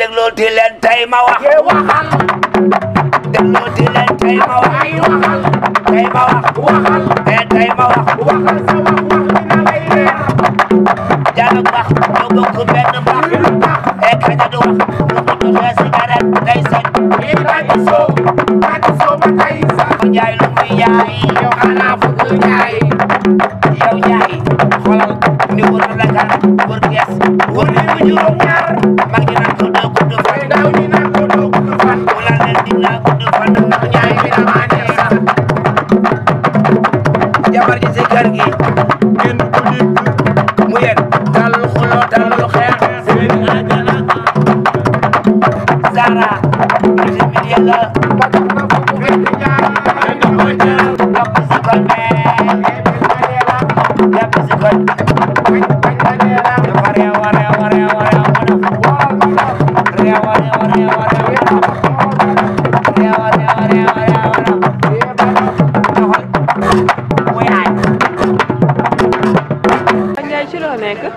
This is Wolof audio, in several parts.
dégloo ti leen tey ma wax waxal dégloo ti leen tey ma wax waxal tey ma wax waxal tey ma wax waxal sa wax wax dina lay leer jàll wax ñoo bokk benn mbax e kañ du wax lu mu joxee sigaret day sañ lii bàcc soo bàcc soo ba tey sax jaay lu muy yaay yow xanaa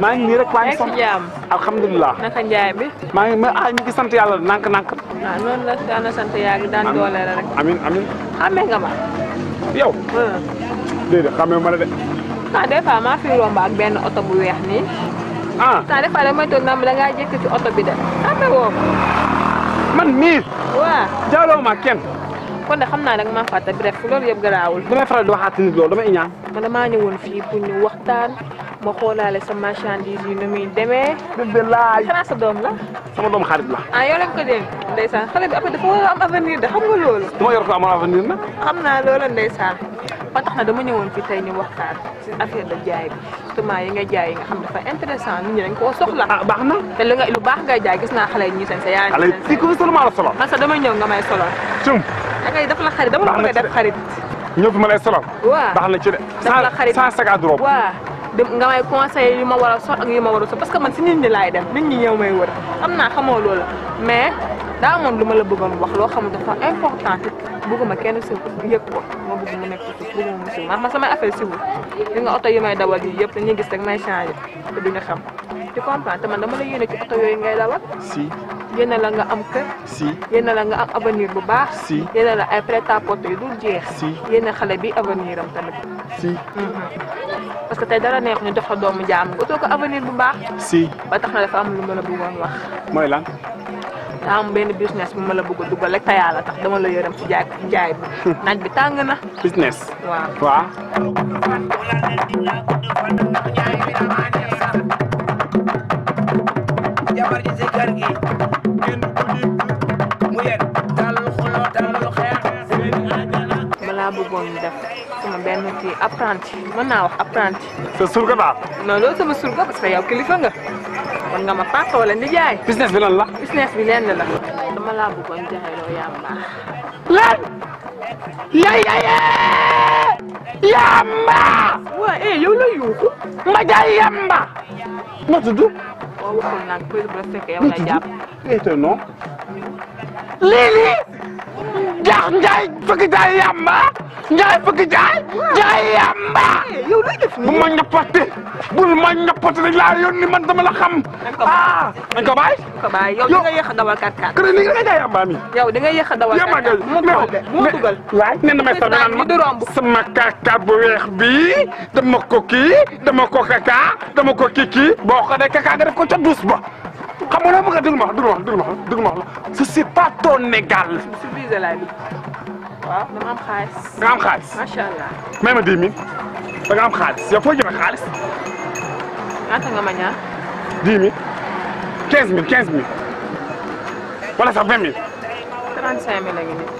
maa ngi nii rek waaye sant alhamdulilah naka njaay bi maa ngi ma ah ñu ngi sant yàlla nànk-nànk ah noonu la daan na sant yaa ngi daan Amin, amin. rek. amiin amiin. xamee nga ma. yow. déedéet xamee ma la de. ah des fois maa fi romb ah temps des fois damay toog naan da ngaa jékki ci oto bi de xamee woo ma. man mii. waaw jaaloo ma kenn. kon de xam naa da nga maa fàtte bref loolu yëpp garaawul. damay faral ma xoolaale sa marchandise yi nu muy demee. Ah, a am avenir de xam nga loolu. du ma yor ko amal avenir nag. xam naa loola ndeysaan. tax na dama ñu de jaay yi nga jaay yi nga xam dafa koo soxla. ah baax na. te li nga lu baax ngay jaay gis naa xale yi ñuy seen sa yaa ngi. la nga may solo. cum. da ngay la xarit dama la a def xarit. ñëw fi ma lay solo. waaw baax na ci de. def la xarit nga may conseil yu ma war a sol ma war a sol parce que man si nit ñi laay dem nit ñi ñëw may wër xam naa xamoo loolu mais daa amoon lu ma la bëggoon wax loo xam dafa important te bëgguma kenn si yëg ko ma bëgg nekk si bëgguma mu si ma samay affaire si wu nga oto yi may dawal yi yëpp dañuy gis rek may changé te duñu xam tu comprends te man dama la yéene ci oto yooyu ngay dawal si yéene la nga am kër si yéene la nga am avenir bu baax si yéene la ay prêt-à-porter yu dul jeex si yéene xale bi avenir am tamit si mm-hmm. que tey dara neex ñu defal doomu jaam auto ko avenir bu baax. si ba tax na dafa am lu mëna bëggoon wax. moy lan. am ben business bu mëna bëgg duggal dugal rek tax dama la yërem ci jaay jaay bi. naaj bi tang na. business. waaw waaw. balaa apprenti mën naa wax apprenti. sa surga daal. non loolu kilifa nga. kon nga ma papa wala nijaay. business bi lan la. business bi lenn la. dama laa bëggoon jaay loo yaa mbaax. yaayee. yamba. waaw eh yow la yuuxu. nga jaay yamba. ma tudd. waaw waxoon naa ko bu jaay yamba. Njaay bëgg jaay jaay yamba yow lay def nii bu ma ñappati bul ma ñappati dañ man dama la xam ah dañ ko bàyyi ko bàyyi yow da nga dawal kat kat kër ni da nga jaay yamba mi yow da nga yéex a dawal kat kat mu dugal mu dugal waay nee na may sama naan sama kaka bu weex bi dama ko kii dama ko kaka dama ko kiki boo ko dee kaka nga def ko ca dus ba xam nga ma ma ma ma c'est pas ton égal waaw dama am xaalis. nga xaalis. ma dix mille. da nga am xaalis yow foo jëlee xaalis. ñaata nga ma ñaar. dix mille. quinze mille quinze mille. wala sax vingt mille. trente cinq mille la ngi nii.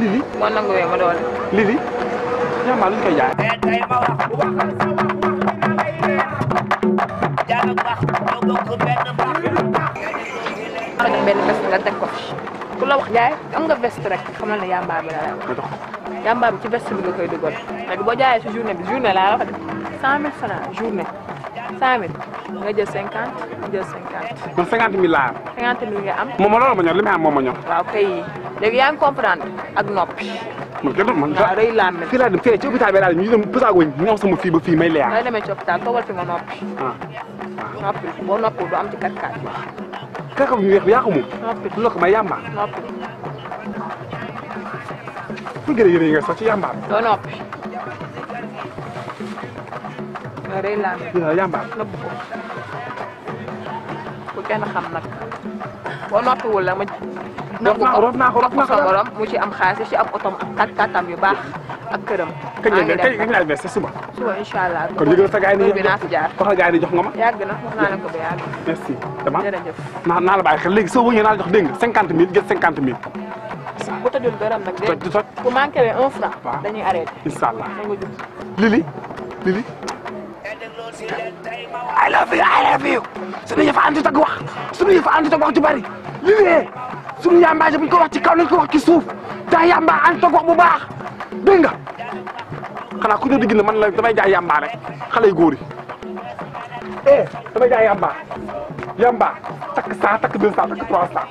Lili. moo nanguwee ma doole. Lili. ñoom maa luñ koy jaay. Eh, benn bés nga teg ku la wax jaay am nga veste rek xamal ne yamba bi la la wax. yamba bi ci veste bi nga koy dugal léegi boo jaayee si journée bi journée laa la wax de cent mille journée cent nga jël cinquante nga jël cinquante. donc laa moom loolu ma li may am moom ma ñor. waaw kay léegi yaa ak noppi. man kenn man da waaw day laam fii laa dem fii ci hôpital bi daal ñu dem Pousago ñu ñëw sama fii ba fii may leer. nga demee ci hôpital toogal fi nga noppi. Ah. noppi boo noppi am kàkka bu weex bi yaa ko moom. lu la ko may yàmba. noppi. fu gën a yëre yi nga sax ci yàmba bi. doo noppi. loolu day laal. yàlla yàmba bi nëbb ko. bu kenn xam nag boo noppiwul la ma. nëbb ko rob naa ko rob naa ko rob ko sa borom mu ci am xaalis ci am otom ak kat katam yu baax. ak këram. maa ngi dem kañ lañ sax suba. suba incha allah. kon yëgal sa gars yi nii jox ko gars yi jox nga ma. yàgg na wax naa la ko ba yàgg. merci dama jërëjëf. naa naa la bàyyi xel léegi soo wëñee naa la jox dégg nga cinquante mille jël cinquante mille. bu tëjul dërëm nag dégg nga bu manqué leen un franc. waaw dañuy arrêté. incha allah lili lili. I love you I love you. suñu yëfa ànd tag wax suñu yëfa ànd tag wax ju bari lili suñu yàmbaaje bu ñu ko wax ci kaw nañ ko wax ci suuf daa yàmbaa ànd tag wax bu baax dégg nga xanaa ku ñu digg na man la damay jaay yàmbaa rek xale yu góor yi eh damay jaay yàmbaa yàmbaa takk cent takk deux cent takk trois cent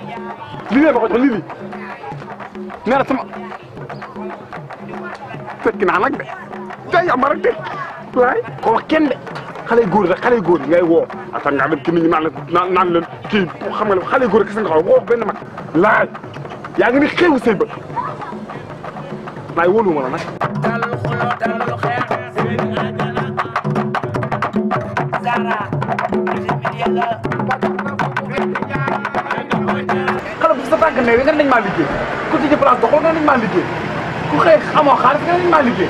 lii nee ma ko jox lii lii nee na sama tekki naa nag de jaay yàmbaa rek tekki waay ko wax kenn de xale yu góor yi rek xale yu góor yi ngay woo ata ngaa dem ki nit ñi naan la naan leen kii xam nga ne xale yu góor yi kese nga xaw woo benn mag laaj yaa ngi ni xeewu say bët naay wóoluwuma la nag. dalul xuloo dalul xeex. sëriñ àjjana. Zara. xale bu sa tànk ne nga nañ maa liggéey ku tijji place ba xool nga nañ maa liggéey ku xëy amoo xaalis nga nañ maa liggéey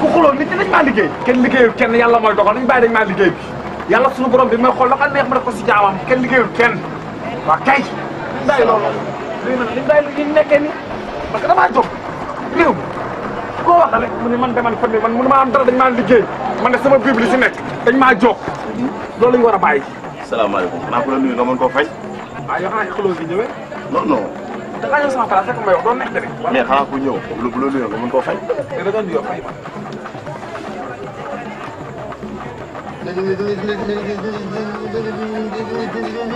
ku xuloo nit ñi nañ maa liggéey. kenn liggéeyul kenn yàlla mooy dogal nañ bàyyi dañ maa liggéey bi yàlla suñu borom bi may xool la xam neex ma def ko si jaamam kenn liggéeyul kenn waa kay. bàyyi loolu léegi nag li bàyyi li ñu nekkee nii parce que damaa jóg. ma wax rek mu ne man demal fan man mënu ma am dara dañ maa liggéey man de sama bible si nekk dañ maa jóg loolu la ñu war a bàyyi. salaamaaleykum xanaa ku la nuyu nga mën koo fay. ah yow xanaa xuloo gi ñëwee. non non. da ngaa ñëw sama place rek may wax doon nekk de. mais xanaa ku ñëw lu bu la nuyoo nga mën koo fay. da doon nuyoo fay ma.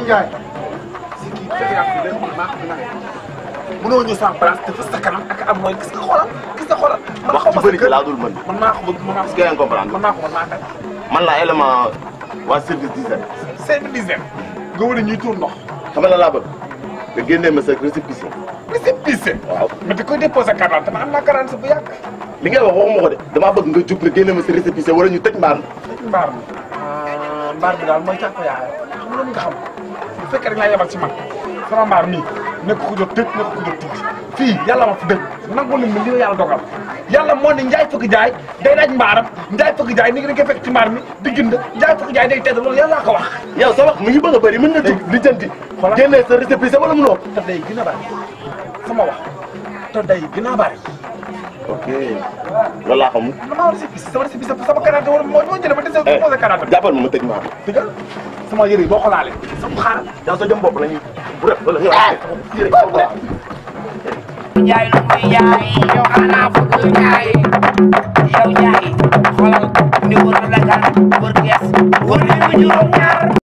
Ndiaye. si kii fekk naa ko dégg nga maa ko gën a nekk. mënoo ñëw sama place te fës sa kanam ak am mooy gis nga xoolal. xoolal wax ci bëri ci laa dul mën. mën naa ko mën naa ko gën a comprendre. mën naa ko mën naa tànn. man laa élément waa service d'hygiène. service d'hygiène. nga war a ñuy tuur ndox. xam nga la laa bëgg. nga génnee ma sa récépissé. récépissé. waaw mais da koy déposé carte te ma am naa carte bu yàgg. li ngay wax waxuma ko de. damaa bëgg nga jub nga génne ma sa récépissé wala ñu tëj mbaar mi. tëj mbaar mi. Ah, mbaar bi daal mooy càkk yaayam xam nga lu nga xam bu fekkee rek laa yebal ci man sama mbaar mii nekk ko jot tëj nekk ko jot tijji fi yalla ma fi dëkk nangu nañ ma li yalla dogal yalla mo ni njaay fukki jaay day daj mbaram njaay fukki jaay ni ngi dañ koy ci mbar mi di jënd njaay fukki jaay day tedd lool yalla ko wax yow sa wax mu ngi bëgg bari mën na dugg li jëndi génnee sa sa wala mënoo ta day gën bari sama wax ta day gën bari ok loolu laa sama récépissé sama sama wala ba eh, ma ma sama sama xaar sa jëm lañuy bu wala jaay lu muy jaay yow xanaa bëgg jaay yow jaay xoolal ni wër la Dakar wër Kees wër leen ba juróom ñaar